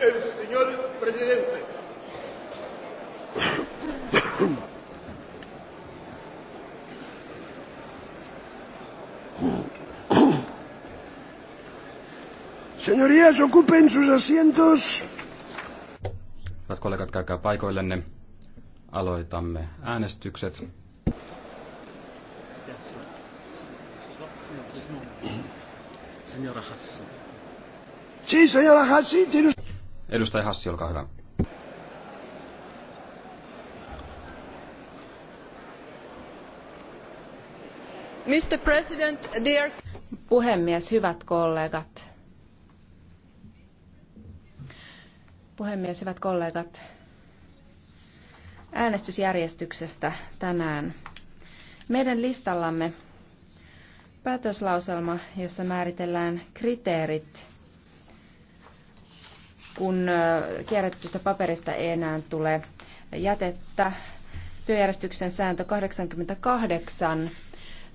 el señor presidente. Señorías, ocupen sus asientos. Hyvät kollegat, käykää paikoillenne. Aloitamme äänestykset. Señora Hassi. Sí, señora Hassi, tiene Edustaja Hassi, olkaa hyvä. Mr. President, dear... Puhemies, hyvät kollegat. Puhemies, hyvät kollegat. Äänestysjärjestyksestä tänään. Meidän listallamme päätöslauselma, jossa määritellään kriteerit kun kierrätetystä paperista ei enää tule jätettä. Työjärjestyksen sääntö 88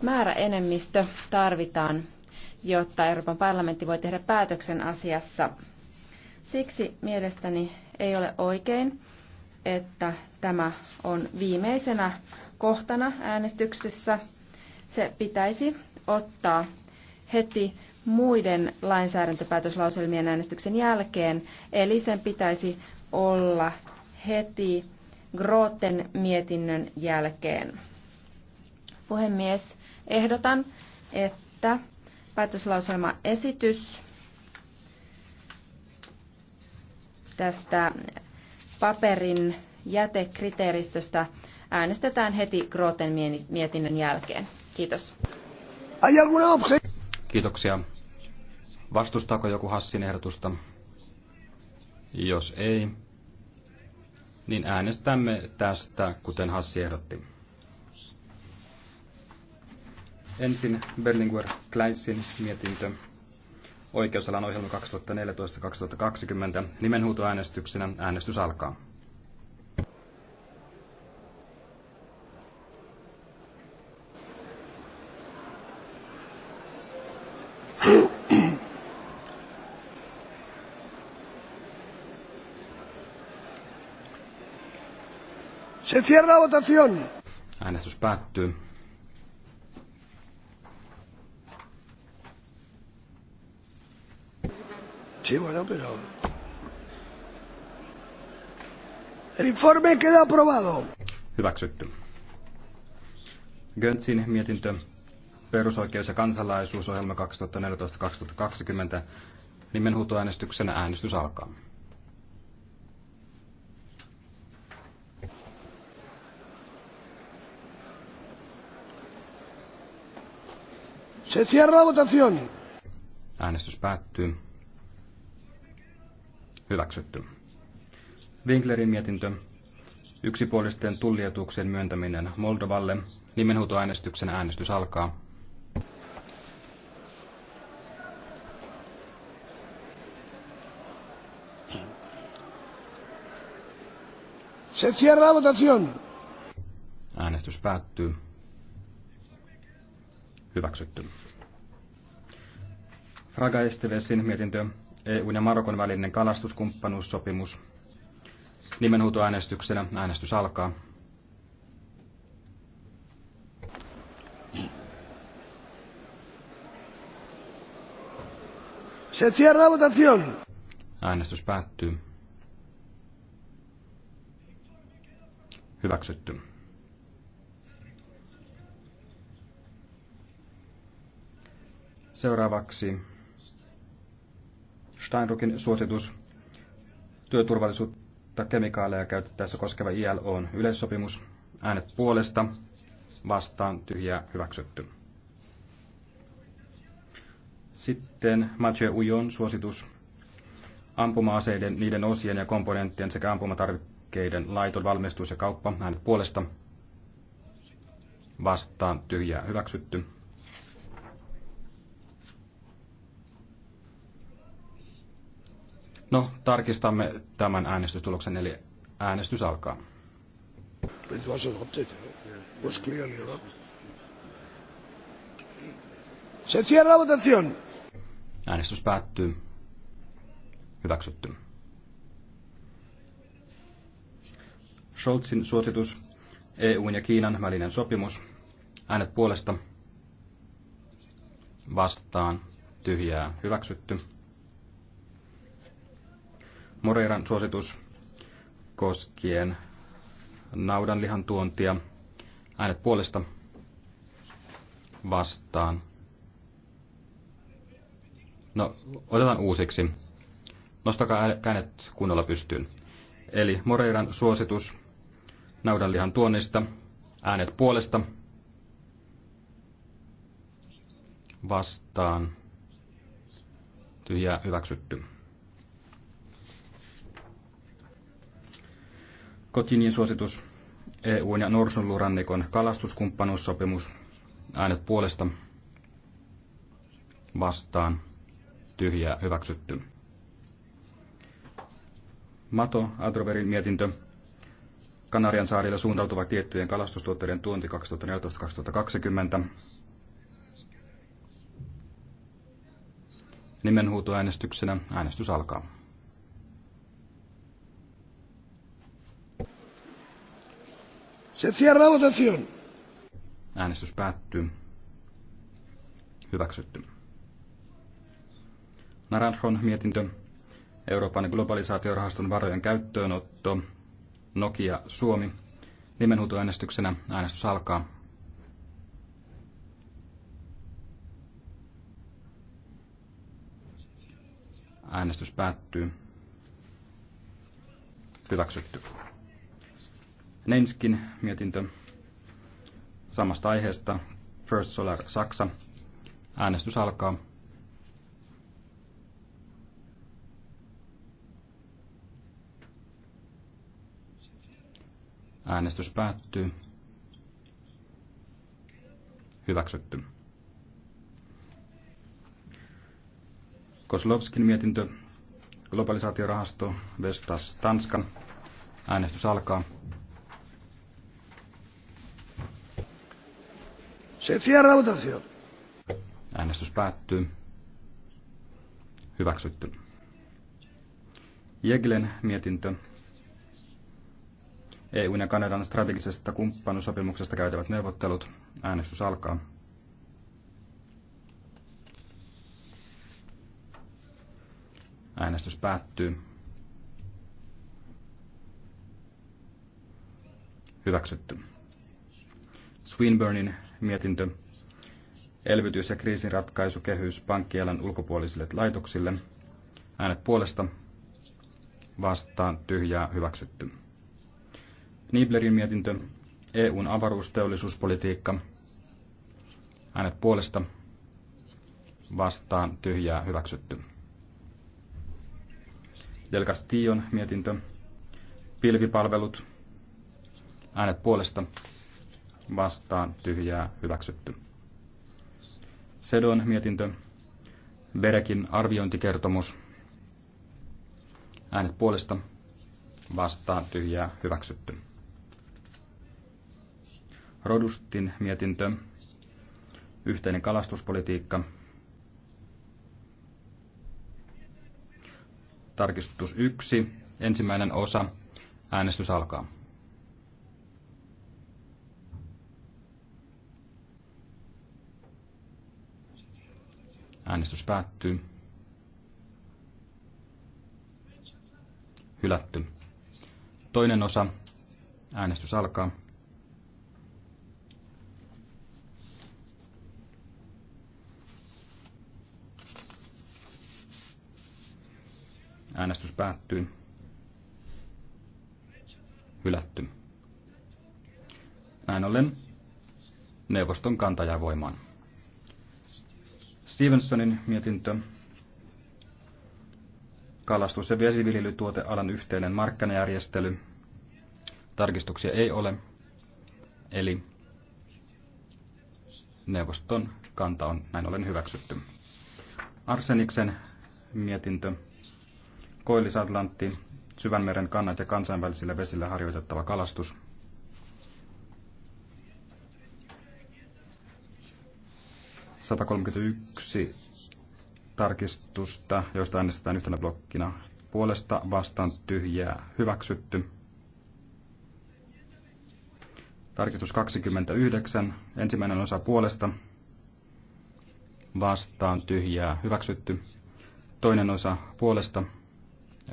määräenemmistö tarvitaan, jotta Euroopan parlamentti voi tehdä päätöksen asiassa. Siksi mielestäni ei ole oikein, että tämä on viimeisenä kohtana äänestyksessä. Se pitäisi ottaa heti muiden lainsäädäntöpäätöslauselmien äänestyksen jälkeen, eli sen pitäisi olla heti Grooten mietinnön jälkeen. Puhemies, ehdotan, että päätöslauselmaesitys tästä paperin jätekriteeristöstä äänestetään heti Grooten mietinnön jälkeen. Kiitos. Kiitoksia. Vastustaako joku Hassin ehdotusta? Jos ei, niin äänestämme tästä, kuten Hassi ehdotti. Ensin Berlinguer Kleissin mietintö oikeusalan ohjelma 2014-2020 nimenhuutoäänestyksenä. Äänestys alkaa. Se cierra votación. Äänestys päättyy. Sí, bueno, pero... El informe queda aprobado. Hyväksytty. Göntsin mietintö perusoikeus- ja kansalaisuusohjelma 2014-2020 nimenhuutoäänestyksenä äänestys alkaa. Se cierra la votación. Äänestys päättyy. Hyväksytty. Winklerin mietintö. Yksipuolisten tullietuuksien myöntäminen Moldovalle. Nimenhuutoäänestyksen äänestys alkaa. Se cierra votación. Äänestys päättyy. Hyväksytty. Fraga Estevesin mietintö EU ja Marokon välinen kalastuskumppanuussopimus. Nimenhuutoäänestyksenä äänestys alkaa. Se cierra votación. Äänestys päättyy. Hyväksytty. Seuraavaksi Steinrukin suositus työturvallisuutta kemikaaleja käytettäessä koskeva ILO on yleissopimus. Äänet puolesta vastaan tyhjää hyväksytty. Sitten Mathieu Ujon suositus ampuma-aseiden, niiden osien ja komponenttien sekä ampumatarvikkeiden laiton valmistus ja kauppa äänet puolesta vastaan tyhjää hyväksytty. No, tarkistamme tämän äänestystuloksen, eli äänestys alkaa. It was adopted. It was clearly adopted. Se siellä la Äänestys päättyy. Hyväksytty. Scholzin suositus, EUn ja Kiinan välinen sopimus. Äänet puolesta. Vastaan. Tyhjää. Hyväksytty. Moreiran suositus koskien naudanlihan tuontia. Äänet puolesta vastaan. No, otetaan uusiksi. Nostakaa äänet kunnolla pystyyn. Eli Moreiran suositus naudanlihan tuonnista. Äänet puolesta vastaan. Tyhjää hyväksytty. Kotinin suositus, EUn ja Norsunluurannikon kalastuskumppanuussopimus, äänet puolesta, vastaan, tyhjää hyväksytty. Mato Adroverin mietintö. Kanarian saarille suuntautuva tiettyjen kalastustuotteiden tuonti 2014-2020. Nimenhuutoäänestyksenä äänestys alkaa. Se cierra votación. Äänestys päättyy. Hyväksytty. Naranjon mietintö. Euroopan globalisaatiorahaston varojen käyttöönotto. Nokia Suomi. Nimenhuutoäänestyksenä äänestys alkaa. Äänestys päättyy. Hyväksytty. Nenskin mietintö samasta aiheesta First Solar Saksa. Äänestys alkaa. Äänestys päättyy. Hyväksytty. Koslovskin mietintö. Globalisaatiorahasto Vestas Tanskan. Äänestys alkaa. Se cierra votación. Äänestys päättyy. Hyväksytty. Jeglen mietintö. EU ja Kanadan strategisesta kumppanusopimuksesta käytävät neuvottelut. Äänestys alkaa. Äänestys päättyy. Hyväksytty. Swinburnin mietintö elvytys- ja kriisinratkaisukehys pankkielän ulkopuolisille laitoksille. Äänet puolesta vastaan tyhjää hyväksytty. Niblerin mietintö EUn avaruusteollisuuspolitiikka. Äänet puolesta vastaan tyhjää hyväksytty. Del mietintö. Pilvipalvelut. Äänet puolesta vastaan tyhjää hyväksytty. Sedon mietintö. Berekin arviointikertomus. Äänet puolesta vastaan tyhjää hyväksytty. Rodustin mietintö. Yhteinen kalastuspolitiikka. Tarkistus 1. Ensimmäinen osa. Äänestys alkaa. Äänestys päättyy. Hylätty. Toinen osa. Äänestys alkaa. Äänestys päättyy. Hylätty. Näin ollen neuvoston kantaja voimaan. Stevensonin mietintö. Kalastus- ja vesiviljelytuotealan yhteinen markkinajärjestely. Tarkistuksia ei ole. Eli neuvoston kanta on näin ollen hyväksytty. Arseniksen mietintö. Koillisatlantti, syvänmeren kannat ja kansainvälisillä vesillä harjoitettava kalastus. 131 tarkistusta, joista äänestetään yhtenä blokkina puolesta vastaan tyhjää hyväksytty. Tarkistus 29, ensimmäinen osa puolesta vastaan tyhjää hyväksytty. Toinen osa puolesta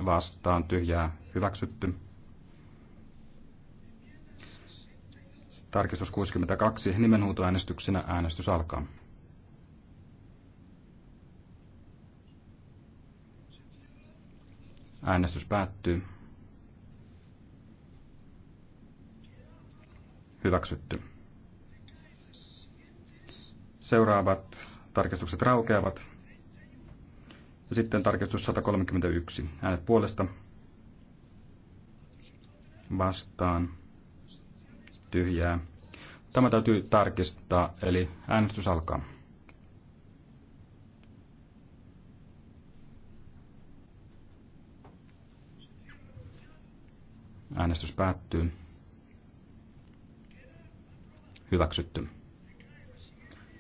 vastaan tyhjää hyväksytty. Tarkistus 62, nimenhuutoäänestyksenä äänestys alkaa. Äänestys päättyy. Hyväksytty. Seuraavat tarkistukset raukeavat. Ja sitten tarkistus 131. Äänet puolesta. Vastaan. Tyhjää. Tämä täytyy tarkistaa, eli äänestys alkaa. Äänestys päättyy. Hyväksytty.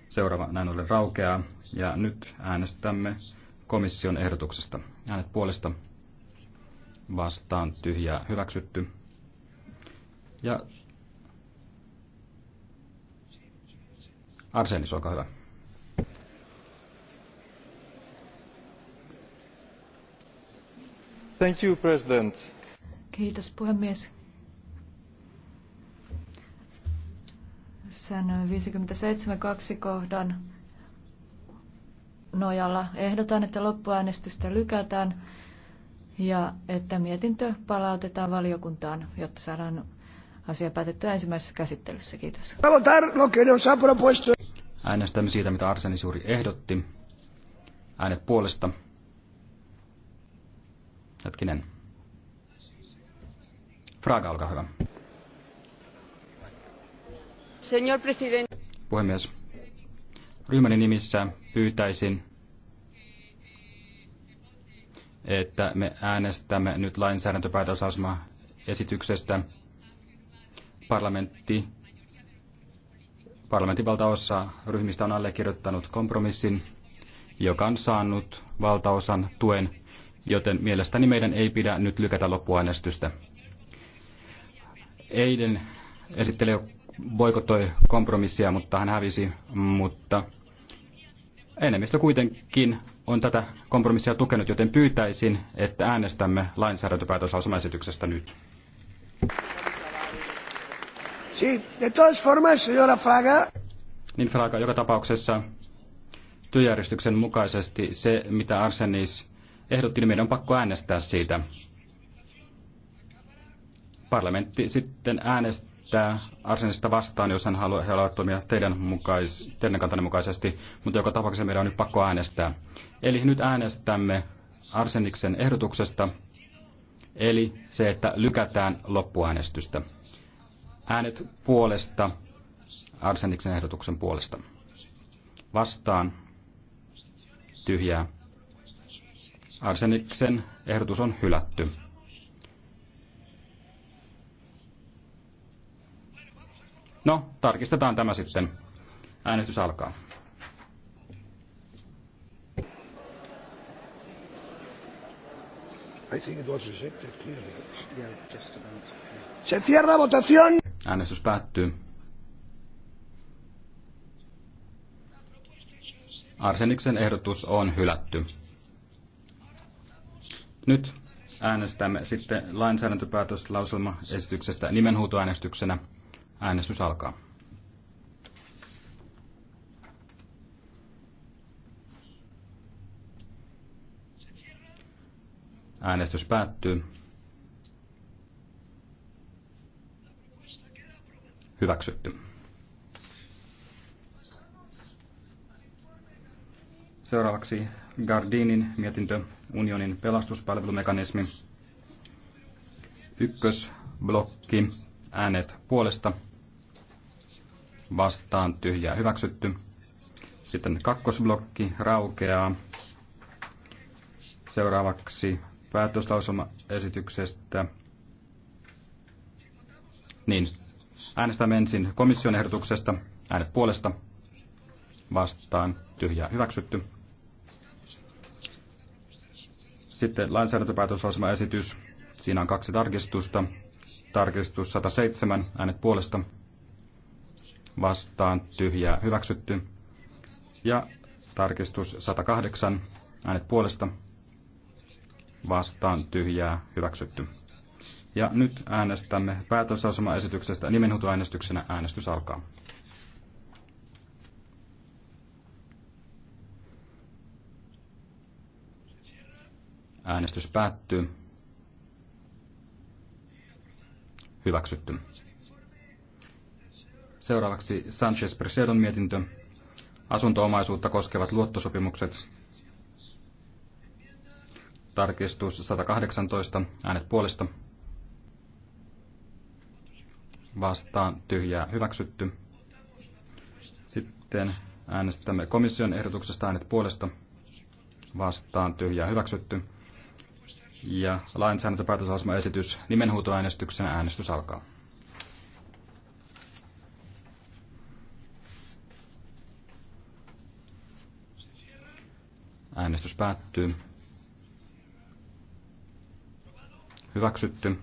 Seuraava näin ollen raukeaa. Ja nyt äänestämme komission ehdotuksesta. Äänet puolesta vastaan tyhjää hyväksytty. Ja Arsenis, olkaa hyvä. Thank you, President. Kiitos puhemies. Säännön 57.2 kohdan nojalla ehdotan, että loppuäänestystä lykätään ja että mietintö palautetaan valiokuntaan, jotta saadaan asia päätettyä ensimmäisessä käsittelyssä. Kiitos. Äänestämme siitä, mitä Arseni Suuri ehdotti. Äänet puolesta. Hetkinen. Fraga, olkaa hyvä. Señor Puhemies, ryhmäni nimissä pyytäisin, että me äänestämme nyt lainsäädäntöpäätösasma esityksestä. Parlamentti, parlamentin valtaosa ryhmistä on allekirjoittanut kompromissin, joka on saanut valtaosan tuen, joten mielestäni meidän ei pidä nyt lykätä loppuäänestystä. Eiden esittelijä boikotoi kompromissia, mutta hän hävisi, mutta enemmistö kuitenkin on tätä kompromissia tukenut, joten pyytäisin, että äänestämme lainsäädäntöpäätöslausumaesityksestä nyt. Sí, de todas formas, señora Fraga. Niin Fraga, joka tapauksessa työjärjestyksen mukaisesti se, mitä Arsenis ehdotti, niin meidän on pakko äänestää siitä parlamentti sitten äänestää arsenista vastaan, jos hän haluaa, he haluavat toimia teidän, mukais, teidän kantanne mukaisesti, mutta joka tapauksessa meidän on nyt pakko äänestää. Eli nyt äänestämme Arseniksen ehdotuksesta, eli se, että lykätään loppuäänestystä. Äänet puolesta, Arseniksen ehdotuksen puolesta. Vastaan, tyhjää. Arseniksen ehdotus on hylätty. No, tarkistetaan tämä sitten. Äänestys alkaa. Se cierra votación. Äänestys päättyy. Arseniksen ehdotus on hylätty. Nyt äänestämme sitten esityksestä nimenhuutoäänestyksenä. Äänestys alkaa. Äänestys päättyy. Hyväksytty. Seuraavaksi Gardinin mietintö unionin pelastuspalvelumekanismi. Ykkösblokki, äänet puolesta, vastaan tyhjää hyväksytty. Sitten kakkosblokki raukeaa. Seuraavaksi päätöslauselmaesityksestä. Niin, äänestämme ensin komission ehdotuksesta. Äänet puolesta vastaan tyhjää hyväksytty. Sitten lainsäädäntöpäätöslauselmaesitys. Siinä on kaksi tarkistusta. Tarkistus 107, äänet puolesta vastaan tyhjää hyväksytty. Ja tarkistus 108 äänet puolesta vastaan tyhjää hyväksytty. Ja nyt äänestämme päätösasemaesityksestä nimenhuutoäänestyksenä äänestys alkaa. Äänestys päättyy. Hyväksytty. Seuraavaksi Sanchez Presedon mietintö. Asuntoomaisuutta koskevat luottosopimukset. Tarkistus 118. Äänet puolesta. Vastaan tyhjää hyväksytty. Sitten äänestämme komission ehdotuksesta äänet puolesta. Vastaan tyhjää hyväksytty. Ja esitys nimenhuutoäänestyksen äänestys alkaa. Äänestys päättyy. Hyväksytty.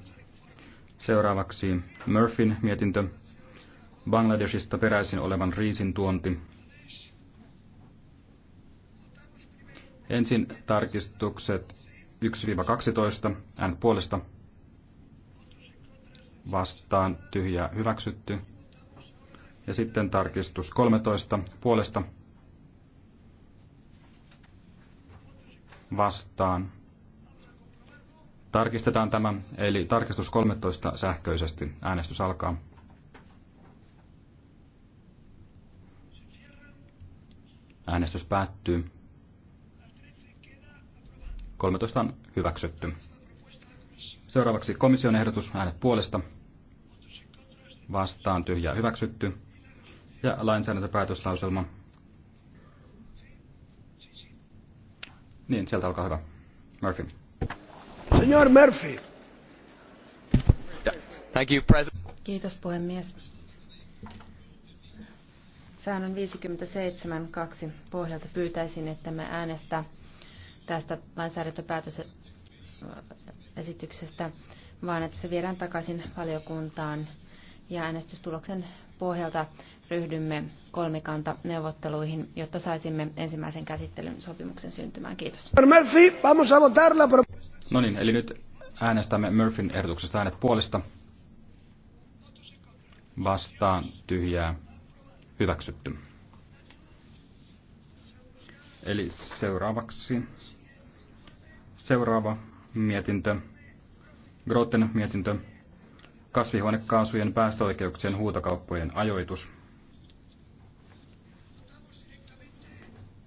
Seuraavaksi Murphyn mietintö. Bangladesista peräisin olevan riisin tuonti. Ensin tarkistukset 1-12, äänet puolesta, vastaan tyhjä, hyväksytty. Ja sitten tarkistus 13 puolesta, vastaan. Tarkistetaan tämä, eli tarkistus 13 sähköisesti. Äänestys alkaa. Äänestys päättyy. 13 on hyväksytty. Seuraavaksi komission ehdotus äänet puolesta. Vastaan tyhjä hyväksytty. Ja lainsäädäntöpäätöslauselma Niin, sieltä alkaa hyvä. Murphy. Señor Murphy. Thank you, president. Kiitos puhemies. Säännön 57.2 pohjalta pyytäisin, että me äänestä tästä lainsäädäntöpäätösesityksestä, vaan että se viedään takaisin valiokuntaan ja äänestystuloksen pohjalta ryhdymme kolmikanta neuvotteluihin, jotta saisimme ensimmäisen käsittelyn sopimuksen syntymään. Kiitos. No niin, eli nyt äänestämme Murphyn ehdotuksesta äänet puolesta. Vastaan tyhjää. Hyväksytty. Eli seuraavaksi seuraava mietintö. Groten mietintö kasvihuonekaasujen päästöoikeuksien huutokauppojen ajoitus.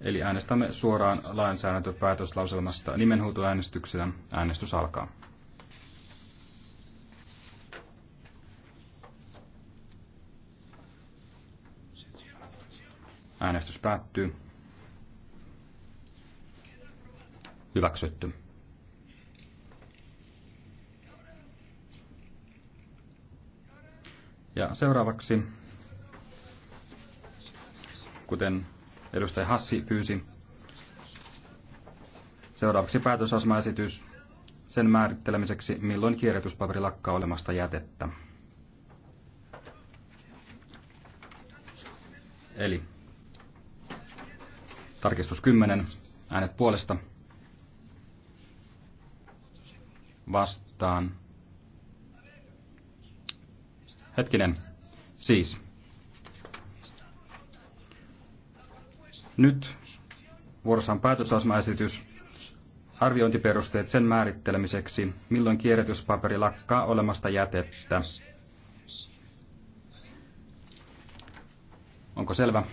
Eli äänestämme suoraan lainsäädäntöpäätöslauselmasta nimenhuutoäänestyksellä. Äänestys alkaa. Äänestys päättyy. Hyväksytty. Ja seuraavaksi, kuten edustaja Hassi pyysi, seuraavaksi päätösasmaesitys sen määrittelemiseksi, milloin kierrätyspaperi lakkaa olemasta jätettä. Eli tarkistus 10, äänet puolesta, vastaan, Hetkinen. Siis. Nyt vuorossa on päätösasmaesitys arviointiperusteet sen määrittelemiseksi, milloin kierrätyspaperi lakkaa olemasta jätettä. Onko selvä?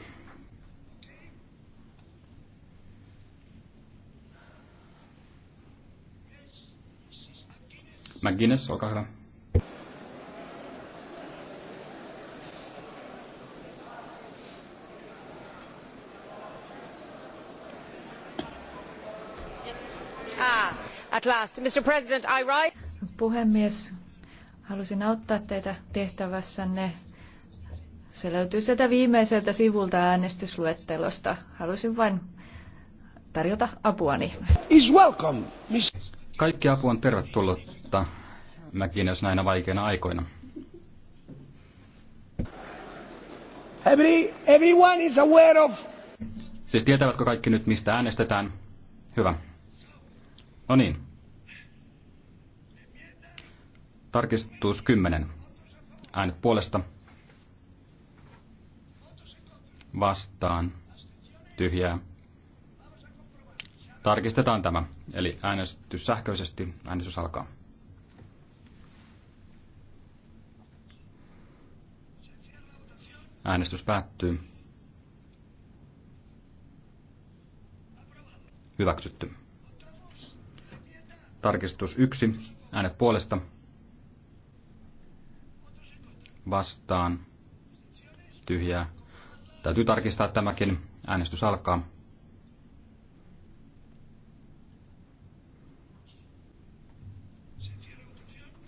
McGuinness, olkaa hyvä. Puhemies, halusin auttaa teitä tehtävässänne. Se löytyy sieltä viimeiseltä sivulta äänestysluettelosta. Halusin vain tarjota apuani. Is welcome, miss... Kaikki apu on tervetullutta, mäkin jos näinä vaikeina aikoina. Every, everyone is aware of... Siis tietävätkö kaikki nyt, mistä äänestetään? Hyvä. No niin, Tarkistus 10. Äänet puolesta. Vastaan. Tyhjää. Tarkistetaan tämä. Eli äänestys sähköisesti. Äänestys alkaa. Äänestys päättyy. Hyväksytty. Tarkistus 1. Äänet puolesta vastaan, tyhjää. Täytyy tarkistaa tämäkin. Äänestys alkaa.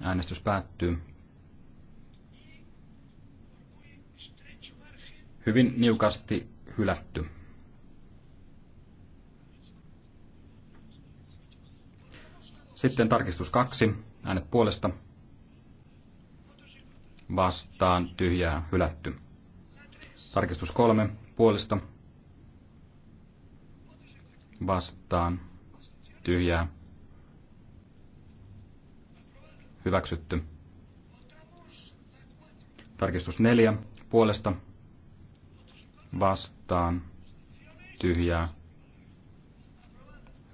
Äänestys päättyy. Hyvin niukasti hylätty. Sitten tarkistus kaksi. Äänet puolesta vastaan tyhjää hylätty. Tarkistus kolme puolesta vastaan tyhjää hyväksytty. Tarkistus neljä puolesta vastaan tyhjää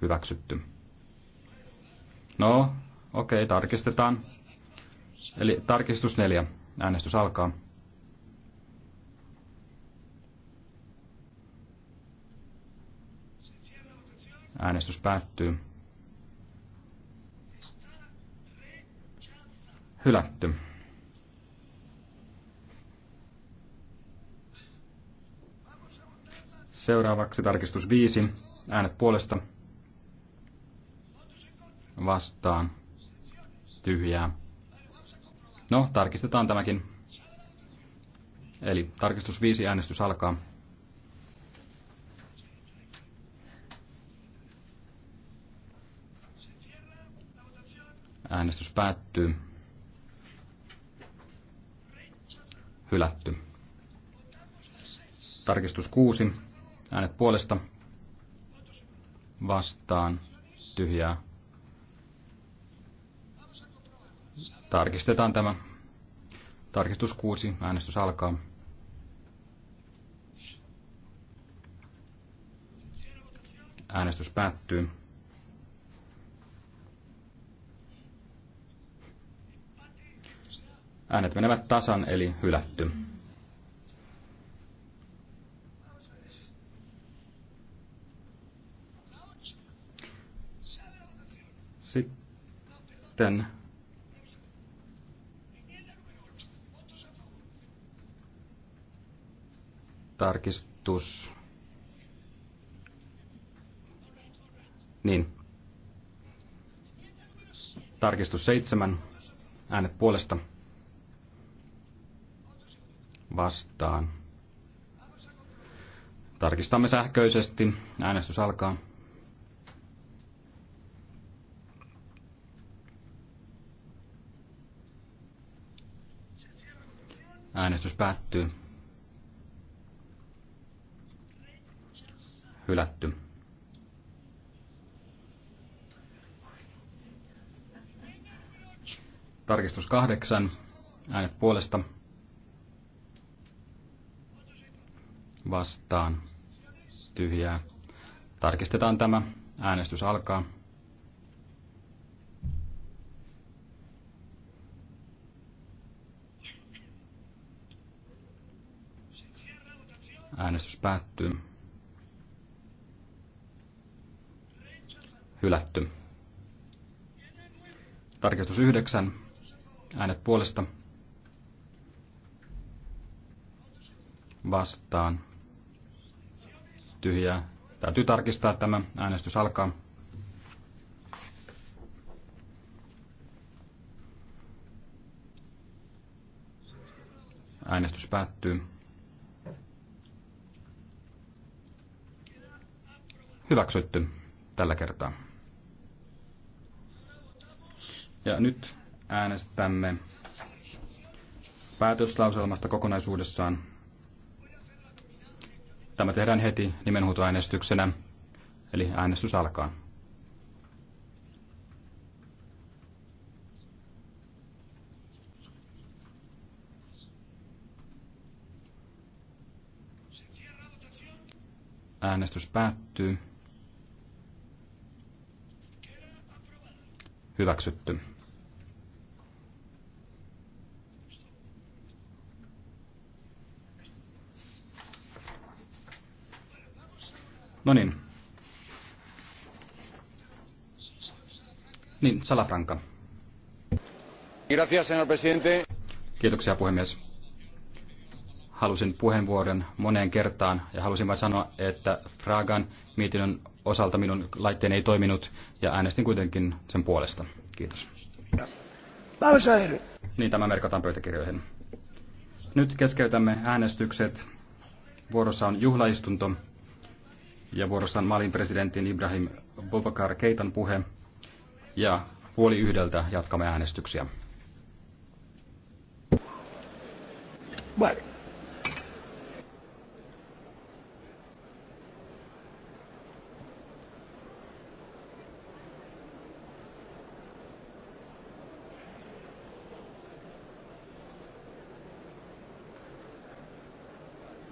hyväksytty. No, okei, okay, tarkistetaan. Eli tarkistus neljä. Äänestys alkaa. Äänestys päättyy. Hylätty. Seuraavaksi tarkistus 5. Äänet puolesta. Vastaan. Tyhjää. No, tarkistetaan tämäkin. Eli tarkistus 5 äänestys alkaa. Äänestys päättyy. Hylätty. Tarkistus 6. Äänet puolesta. Vastaan. Tyhjää. Tarkistetaan tämä. Tarkistus 6. Äänestys alkaa. Äänestys päättyy. Äänet menevät tasan eli hylätty. Sitten tarkistus. Niin. Tarkistus seitsemän. Äänet puolesta. Vastaan. Tarkistamme sähköisesti. Äänestys alkaa. Äänestys päättyy. hylätty. Tarkistus kahdeksan. Äänet puolesta. Vastaan. Tyhjää. Tarkistetaan tämä. Äänestys alkaa. Äänestys päättyy. hylätty. Tarkistus 9. Äänet puolesta. Vastaan. Tyhjää. Täytyy tarkistaa tämä. Äänestys alkaa. Äänestys päättyy. Hyväksytty tällä kertaa. Ja nyt äänestämme päätöslauselmasta kokonaisuudessaan. Tämä tehdään heti nimenhuutoäänestyksenä, eli äänestys alkaa. Äänestys päättyy. Hyväksytty. No niin. Niin, Salafranca. Gracias, señor presidente. Kiitoksia, puhemies. Halusin puheenvuoron moneen kertaan ja halusin vain sanoa, että Fragan mietinnön osalta minun laitteeni ei toiminut ja äänestin kuitenkin sen puolesta. Kiitos. Niin tämä merkataan pöytäkirjoihin. Nyt keskeytämme äänestykset. Vuorossa on juhlaistunto ja vuorossa on Malin presidentin Ibrahim Bobakar Keitan puhe. Ja puoli yhdeltä jatkamme äänestyksiä. Bye.